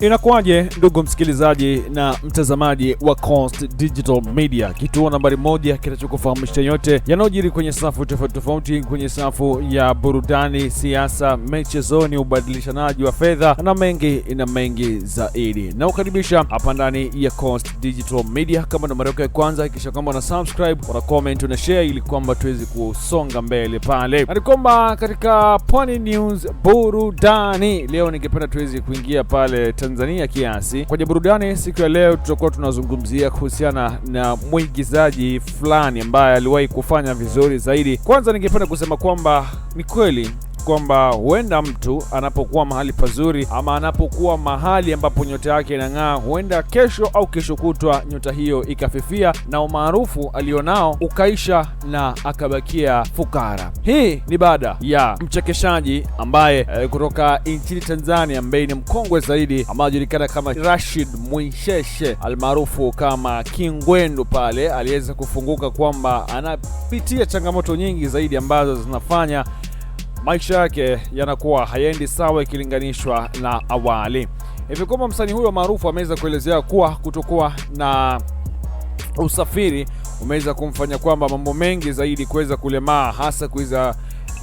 Inakuwaje ndugu msikilizaji na mtazamaji wa Coast Digital Media, kituo nambari moja kinachokufahamisha yote yanayojiri kwenye safu tofauti tofauti, kwenye safu ya burudani, siasa, michezoni, ubadilishanaji wa fedha na mengi na mengi zaidi. Na ukaribisha hapa ndani ya Coast Digital Media. Kama ndo mara yako ya kwanza, hakikisha kwamba una subscribe, una comment, una share ili kwamba tuweze kusonga mbele pale. Na kwamba katika Pwani News burudani leo ningependa tuweze kuingia pale Tanzania kiasi. Kwenye burudani siku ya leo, tutakuwa tunazungumzia kuhusiana na mwigizaji fulani ambaye aliwahi kufanya vizuri zaidi. Kwanza ningependa kusema kwamba ni kweli kwamba huenda mtu anapokuwa mahali pazuri ama anapokuwa mahali ambapo nyota yake inang'aa, huenda kesho au kesho kutwa nyota hiyo ikafifia na umaarufu alionao ukaisha na akabakia fukara. Hii ni baada ya mchekeshaji ambaye e, kutoka nchini Tanzania ambaye ni mkongwe zaidi ambaye anajulikana kama Rashid Mwinsheshe almaarufu kama Kingwendu, pale aliweza kufunguka kwamba anapitia changamoto nyingi zaidi ambazo zinafanya maisha yake yanakuwa hayaendi sawa ikilinganishwa na awali. Hivi e, kwamba msanii huyo maarufu ameweza kuelezea kuwa kutokuwa na usafiri umeweza kumfanya kwamba mambo mengi zaidi kuweza kulemaa hasa kuweza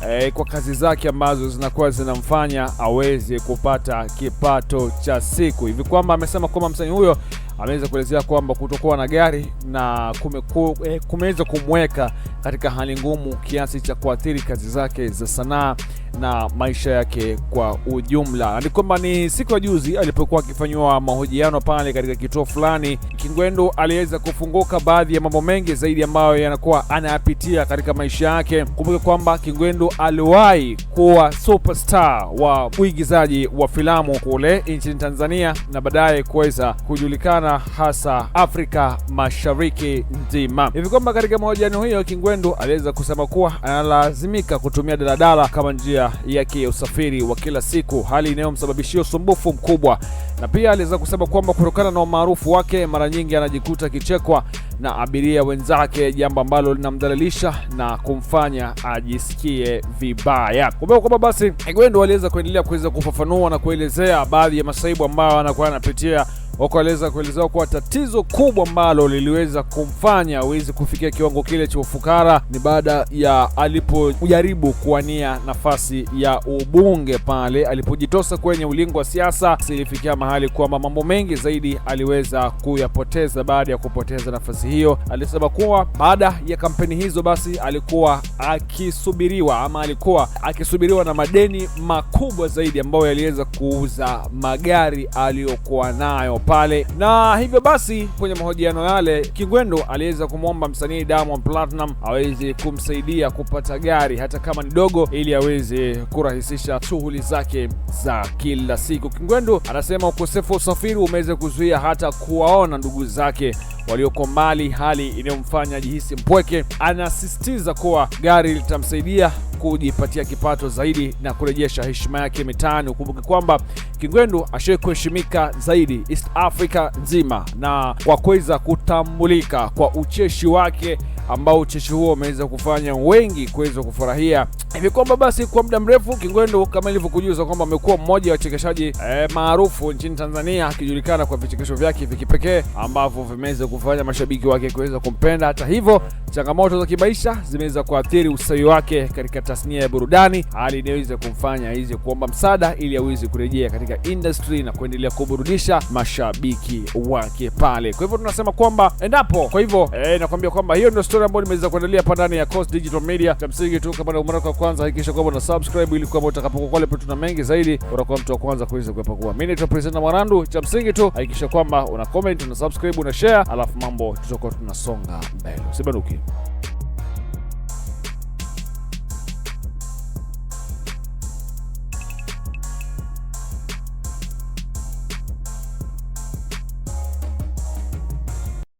eh, kwa kazi zake ambazo zinakuwa zinamfanya aweze kupata kipato cha siku, hivi kwamba amesema kwamba msanii huyo ameweza kuelezea kwamba kutokuwa na gari na eh, kumeweza eh, kumweka katika hali ngumu kiasi cha kuathiri kazi zake za sanaa na maisha yake kwa ujumla, ni kwamba ni siku ya juzi alipokuwa akifanyiwa mahojiano pale katika kituo fulani, Kingwendu aliweza kufunguka baadhi ya mambo mengi zaidi ambayo yanakuwa anayapitia katika maisha yake. Kumbuke kwamba Kingwendu aliwahi kuwa superstar wa uigizaji wa filamu kule nchini Tanzania na baadaye kuweza kujulikana sana hasa Afrika Mashariki nzima. Hivi kwamba katika mahojiano hiyo Kingwendu aliweza kusema kuwa analazimika kutumia daladala kama njia yake ya usafiri wa kila siku, hali inayomsababishia usumbufu mkubwa, na pia aliweza kusema kwamba kutokana na umaarufu wake mara nyingi anajikuta akichekwa na abiria wenzake, jambo ambalo linamdhalilisha na kumfanya ajisikie vibaya. Kumbuka kwamba basi Kingwendu aliweza kuendelea kuweza kufafanua na kuelezea baadhi ya masaibu ambayo anakuwa anapitia Oko aliweza kuelezea kuwa tatizo kubwa ambalo liliweza kumfanya aweze kufikia kiwango kile cha ufukara ni baada ya alipojaribu kuwania nafasi ya ubunge pale alipojitosa kwenye ulingo wa siasa, ilifikia mahali kwamba mambo mengi zaidi aliweza kuyapoteza. Baada ya kupoteza nafasi hiyo, alisema kuwa baada ya kampeni hizo, basi alikuwa akisubiriwa ama alikuwa akisubiriwa na madeni makubwa zaidi ambayo yaliweza kuuza magari aliyokuwa nayo pale. Na hivyo basi, kwenye mahojiano yale, Kigwendo aliweza kumwomba msanii Diamond Platinum aweze kumsaidia kupata gari hata kama ni dogo, ili aweze kurahisisha shughuli zake za kila siku. Kigwendo anasema ukosefu wa usafiri umeweza kuzuia hata kuwaona ndugu zake walioko mbali, hali inayomfanya ajihisi mpweke. Anasisitiza kuwa gari litamsaidia kujipatia kipato zaidi na kurejesha heshima yake mitaani. Ukumbuke kwamba Kingwendu ashawai kuheshimika zaidi East Africa nzima na kwa kuweza kutambulika kwa ucheshi wake ambao ucheshi huo umeweza kufanya wengi kuweza kufurahia hivi kwamba basi kwa muda mrefu Kingwendu kama ilivyokujuza kwamba amekuwa mmoja wa wachekeshaji eh, maarufu nchini Tanzania, akijulikana kwa vichekesho vyake vya kipekee ambavyo vimeweza kufanya mashabiki wake kuweza kumpenda. Hata hivyo changamoto za kimaisha zimeweza kuathiri ustawi wake katika tasnia ya burudani, hali inayoweza kumfanya aweze kuomba msaada ili aweze kurejea katika industry na kuendelea kuburudisha mashabiki wake pale. Kwa hivyo tunasema kwamba endapo, kwa hivyo eh, nakwambia kwamba hiyo ndio story ambayo nimeweza kuandalia hapa ndani ya Coast Digital Media. Cha msingi tu, kama ndio mara kwa kwanza, hakikisha kwamba una subscribe ili kwamba utakapokuwa pale tuna mengi zaidi, utakuwa mtu wa kwanza kuweza kuyapakua. Mimi ni presenter Mwarandu. Cha msingi tu, hakikisha kwamba una comment, una subscribe, una share, alafu mambo tutakuwa tunasonga mbele. Usibanduke.